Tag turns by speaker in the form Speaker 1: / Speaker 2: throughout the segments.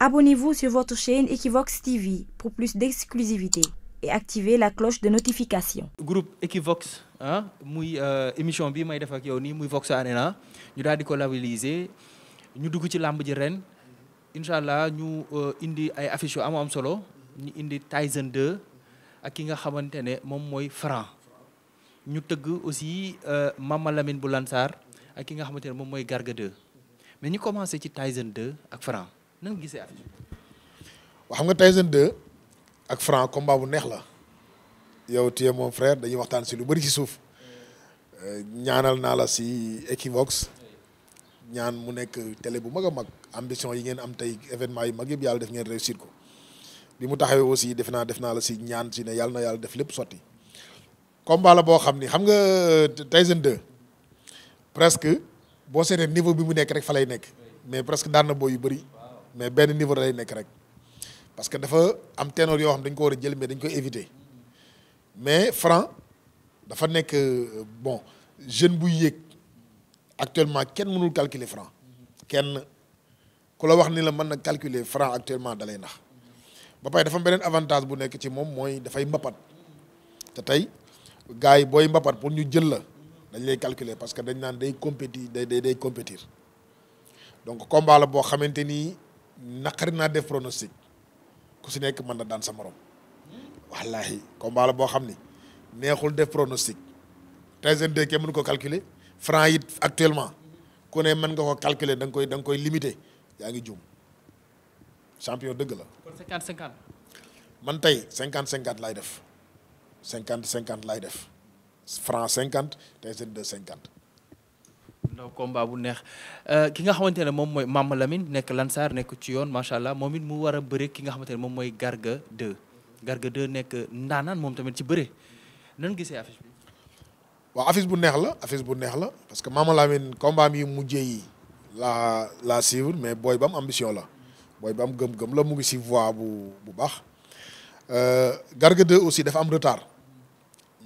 Speaker 1: Abonnez-vous sur votre chaîne Equivox TV pour plus d'exclusivité et activez la cloche de notification.
Speaker 2: groupe Equivox ah muy euh, émission bi may def ak yow nii muy Vox na ñu daal di ko labelliser ñu dugg ci làmb ji ren incha allah ñu euh, indi ay affiches yu am am solo ñu indi Tyson 2 ak ki nga xamante ne moom mooy Franc ñu tëgg aussi euh, Mama Lamine bu Lansar ak ki nga xamante ne moom mooy Garga 2 mais ñu commencé ci Tyson de ak Franc. na nga gisee affiche
Speaker 1: bi. xam nga Tyson 2 ak Franc combat bu neex la yow tu es mon dañuy waxtaan si lu bëri si suuf euh, ñaanal naa la si Equivox ñaan mu nekk télé bu mag mag ambition yi ngeen am tey événement yu mag yëpp yàlla def ngeen réussir ko bi mu taxawee aussi def naa def naa la si ñaan si ne yàlla na yàlla def lépp sotti combat la boo xam ni xam nga euh, Tyson de presque boo seetee niveau bi mu nekk rek fa lay nekk mais presque daan yu bari mais benn niveau da lay nekk rek parce que dafa am ténor yoo xam dañ ko war a jël mais dañ koy éviter mais Franc dafa nekk euh, bon jeune buy yéeg actuellement kenn mënul calculer Franc kenn ku la wax ni la mën na calculer Franc actuellement dalay lay nax ba pare dafa beneen avantage bu nekk ci moom mooy dafay mbappat te tey gars yi booy mbapat pour ñu jël la dañ lay calculer parce que dañ naan day compéti day day day compétir donc combat boo xamante ni. naqari naa def pronostic ku si nekk mën na daan sa morom wallaahi combat la boo xam ni neexul def pronostic Tyson 2 kenn mënu ko calculer franc it actuellement ku ne mën nga ko calculer danga koy da koy limiter yaa ngi juum champion dëgg la.
Speaker 2: kon
Speaker 1: man tey cinquante cinquante lay def cinquante cinquante lay def franc 50 Tyson 2 cinquante
Speaker 2: ndaw combat bu neex euh, ki nga xamante ne moom mooy Mama Lamine nekk Lansar nekk ci yoon macha allah moom it mu war a bëre ki nga xamante ne moom mooy Garga 2 Garga 2 nekk ndaanaan moom
Speaker 1: tamit ci bëre nan gisee affiche bi. waaw affiche bu neex la affiche bu neex la parce que Mama Lamine combat mi mujjee yi laa laa suivre mais booy ba am ambition la booy ba am gëm-gëm la mu ngi si voie bu bu baax. Euh, Garga 2 aussi dafa am retard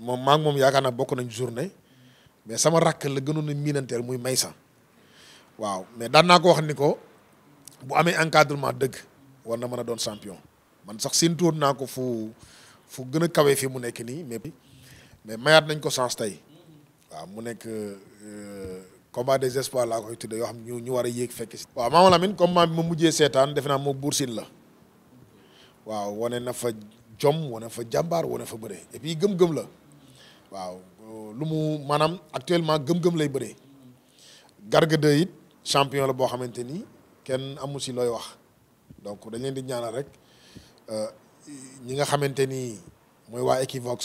Speaker 1: moom maa ngi moom yaakaar naa bokk nañ journée. mais sama rakk la gënoon a miinanteel muy may Maysa waaw mais daan naa ko wax ni ko bu amee encadrement dëgg war na mën a doon champion man sax seen tuut naa ko fu fu gën a kawe fii mu nekk nii mais mais mayaat nañ ko chance tey waaw mu nekk euh, combat des espoirs laa koy tudde yoo xam ñu ñu war a yéeg fekk si waaw Mama Lamine combat bi ma mujjee seetaan defe naa moo Bour Sine la waaw wane na fa jom wane fa jàmbaar wane fa bëre et puis gëm-gëm la waaw lu mu maanaam actuellement gëm-gëm lay bëree Garga 2 it champion la boo xamante ni kenn amu si looy wax donc dañ leen di ñaanal rek euh, ñi nga xamante ni mooy waa Equivox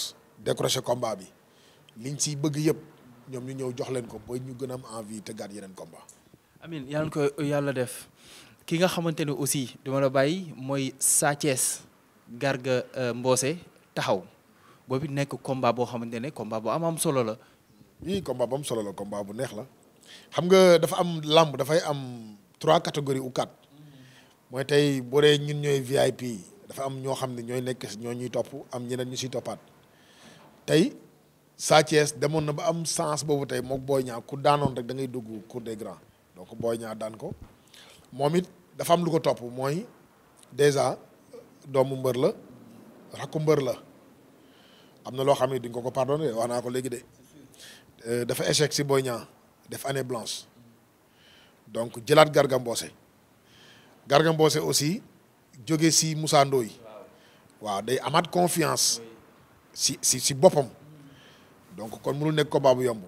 Speaker 1: décroché combat bi liñ siy bëgg yëpp ñoom ñu ñëw jox leen ko ba ñu gën a am envie te gaat yeneen combat.
Speaker 2: amin yàlla ko yàlla def ki nga xamante ne aussi dama la bàyyi mooy Sa Garga euh, mboose taxaw.
Speaker 1: boobu nekk combat boo xamante ne combat bu am am solo la. oui combat bu am solo la combat bu neex la xam nga dafa am làmb dafay am trois catégories ou quatre mooy tey boo dee ñun ñooy VIP dafa am ñoo xam ne ñooy nekk si ñoo ñuy topp am ñeneen ñu siy toppaat tey Sa Thiès demoon na ba am sens boobu tey mook Boy Niang ku daanoon rek dangay ngay dugg cour des grands donc booy Niang daan ko moom it dafa am lu ko topp mooy déjà doomu mbër la rakku mbër la. am na loo xam ne duñ ko ko pardonné wax naa ko léegi de euh, dafa échec si Boy Niang def année blanche donc jëlaat gargamboose Mbossé aussi jóge si Moussa waaw day amaat confiance si si si boppam donc kon mënul nekk combat bu yomb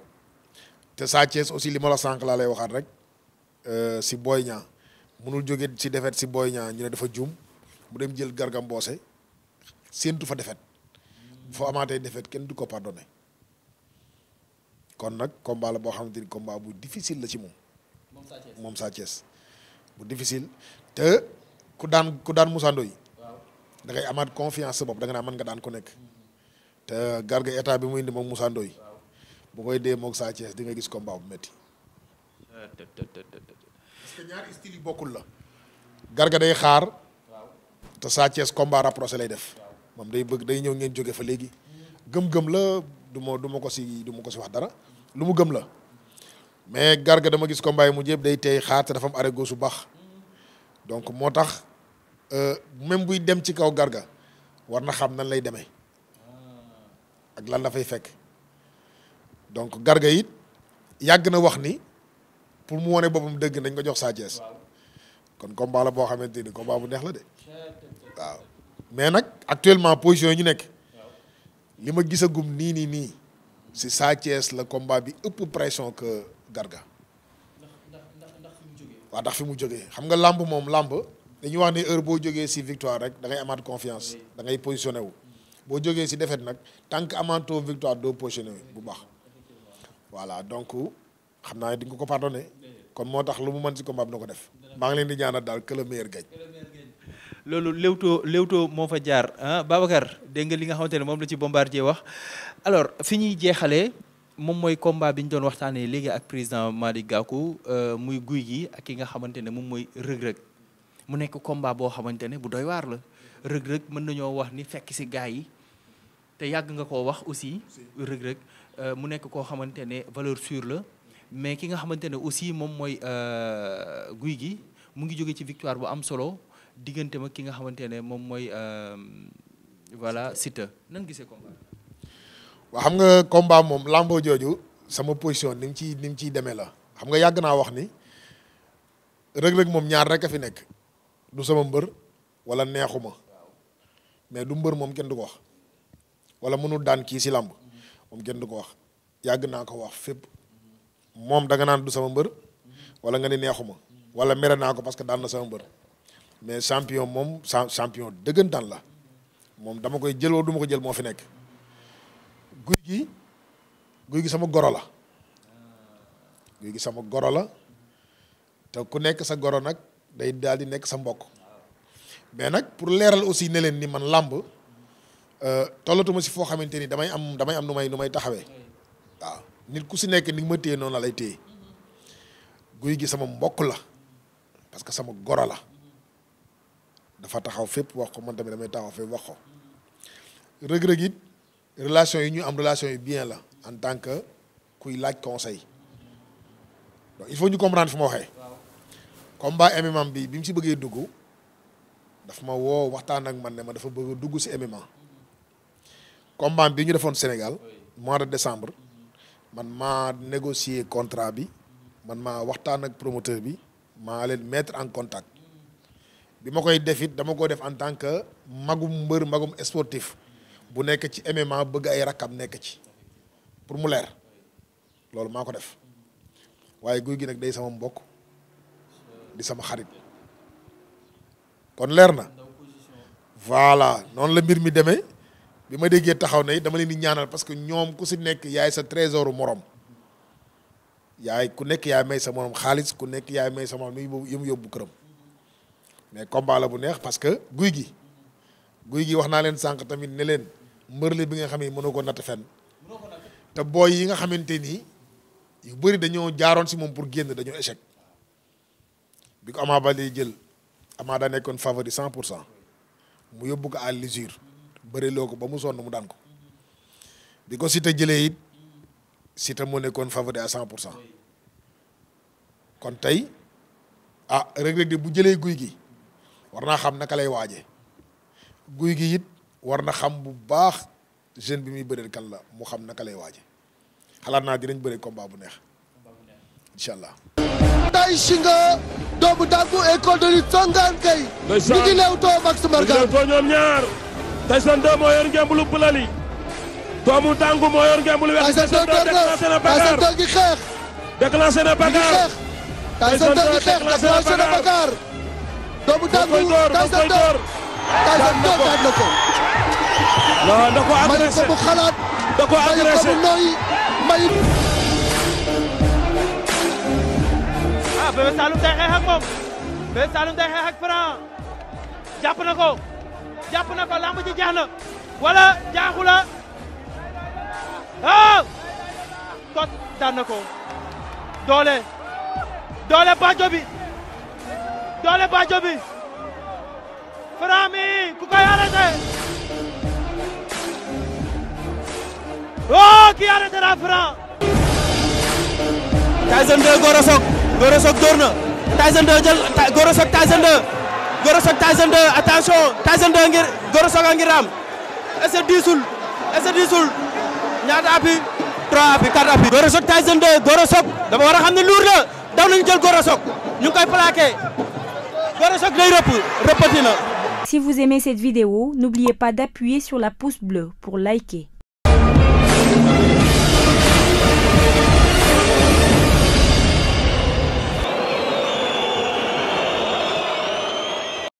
Speaker 1: te Sa Thiès aussi li ma la sànq laa lay waxaat rek euh, si Boy Niang mënul jóge si defet si Boy Niang ñu ne dafa juum mu dem jël Garga Mbossé séentu fa defet foo amaatee defet kenn du ko pardonné kon nag combat la boo xamante ni combat bu difficile la ci moom. moom Sa moom Sa Thiès bu difficile te ku daan ku daan Moussa dangay amaat confiance sa bopp da nga naa mën nga daan ko nekk. te garga état bi muy indi moom musaandooy Ndoye koy dee moog Sa Thiès di nga gis combat bu métti. bokkul la. garga day xaar. te Sa Thiès combat lay def. moom day bëgg day ñëw ngeen jóge fa léegi gëm-gëm la du ma du ma ko si du ma ko si wax dara lu mu gëm la mais garga dama gis ko yi mu jépp day tey xaar te dafa am arrêt su baax donc moo tax euh, même buy dem ci kaw garga war na xam nan lay demee ak lan la fay fekk donc garga it yàgg na wax ni pour mu wane boppam dëgg nañ ko jox Sa Thiès kon combat la boo xamante ni combat bu neex la de waaw. mais nag actuellement position yi ñu nekk li ma gisagum nii nii nii si Sa Thiès la combat bi ëpp pression que Garga. waa ndax fi mu jógee xam nga làmb moom làmb dañuy wax ne heure boo jógee si victoire rek da amaat confiance da ngay positionné wu boo jógee si défaite nag tant que amaatoo victoire doo positionné bu baax voilà donc xam naa ne di nga ko pardonné kon moo tax lu mu mën si combat bi na ko def maa ngi leen di ñaanal daal que le meilleur
Speaker 2: loolu Leewtoo Leewtoo moo fa jaar ah Babacar dégg nga li nga xamante ne moom la ci jee wax alors fi ñuy jeexalee moom mooy combat biñ doon waxtaanee léegi ak président Malick Gakou euh, muy guy gi ak ki nga xamante ne moom mooy rëg mu nekk combat boo xamante ne bu doy waar la rëg-rëg mën nañoo wax ni fekk si gars yi te yàgg nga koo wax aussi rëg euh, mu nekk koo xamante ne valeur sur la mais ki nga xamante ne aussi moom mooy euh, guy gi mu ngi jóge ci victoire bu am solo diggante ma ki nga xamante ne moom mooy euh, voilà Siteu nan gisee combat.
Speaker 1: waaw xam nga combat moom lambo jooju sama position ni mu ciy ni mu ciy demee la xam nga yàgg naa wax ni rëg moom ñaar rek a fi nekk du sama mbër wala neexuma mais du mbër moom kenn du ko wax walla mënul daan kii si làmb moom gen du ko wax yàgg naa ko wax fépp moom da naan du sama mbër wala nga ni neexuma wala mere naa ko parce que daan na sama mbër mais champion moom champion dëggantaan la moom dama koy jëloo du ma ko jël moo fi nekk guy gi guy gi sama goro la guy gi sama goro la te ku nekk sa goro nag day daal di nekk sa mbokk mais nag pour leeral aussi ne leen ni man làmb euh, tollatuma si foo xamante ni damay am damay am nu may nu may taxawee waaw nit ku si nekk ni ma téye noonu lay téye guy gi sama mbokk la parce que sama goro la dafa taxaw fépp wax ko man tamit damay taxaw fépp wax ko rëg-rëg relation yi ñu am relation yi bien la en tant que kuy laaj conseil donc il faut ñu comprendre fi ma waxee combat MMA bi bi mu si bëggee dugg daf ma woo waxtaan ak man ne ma dafa bëgg a dugg si MMA combat bi ñu defoon Sénégal mois de décembre man maa négocier contrat bi man maa waxtaan ak promoteur bi maa leen mettre en contact bi ma koy def dama ko def en tant que magum mbër magum sportif bu nekk ci MMA bëgg ay rakkam nekk ci pour mu leer loolu maa ko def waaye guy gi nag day sama mbokk di sama xarit kon leer na voilà noonu la mbir mi demee bi ma déggee taxaw na dama leen di ñaanal parce que ñoom ku si nekk yaay sa trésoru morom yaay ku nekk yaay may sa morom xaalis ku nekk yaay may sa morom yu mu yóbbu këram mais combat la bu neex parce que guy gi guy gi wax naa leen sànq tamit ne leen mbërle bi nga xam ne mënoo koo natt fenn te booy yi nga xamante ni yu bëri dañoo jaaroon si moom pour génn dañoo échec bi ko Ama Baldé jël Ama daa nekkoon favori cent pour cent mu yóbbu ko à l'usure bëri loo ko ba mu sonn mu daan ko bi ko Siteu jëlee it Siteu moo nekkoon favori à cent pour cent kon tey ah Reug Reug de bu jëlee guy gi war naa xam naka lay waajee guy gi it war na xam bu baax jeune bi muy bëreel kan la mu xam naka lay waaje xalaat naa dinañ bëri combat bu neex incha allah. Tay Shinga doomu dàggu école de lutte Songane Gueye. ndeysaan ñu ngi leew too Max Mbargane. ñu ñoom ñaar. Tyson 2 moo yor ngemb lu bulali. doomu dàngu moo yor ngemb lu weex. Tyson 2 déclenché na Bakar Tyson 2 gi xeex. déclenché na Bakar.
Speaker 2: Tyson 2 gi xeex déclenché
Speaker 1: na Bakar. doomu daanu Tyson 2 Tyson 2 daan na ko. waaw da ko agressé mayu ko
Speaker 2: mu xalaat. da ko agressé mayu ko mu nooyi mayu. ah Bébé Saloum day xeex ak moom Bébé Saloum day xeex ak Franc jàpp na ko jàpp na ko lamb ji jeex na wala jaaxu la ah kot daan na ko doole doole baajo bi. doole baajo bi Franc mi ku koy arrêté oh kii arrêté na Franc. Tyson 2 Gora Sock Gora Sock door na Tyson 2 jël Gora que diisul est-ce que diisul ñaata appui 3 appui 4 appui. Gora Sock Tyson 2 Gora xam ne luur la daw nañu jël Gora Sock ñu koy plaqué. Carousel day rëpp
Speaker 1: rëppati na. Si vous aimez cette vidéo, n'oubliez pas d'appuyer sur la pouce bleue pour liker.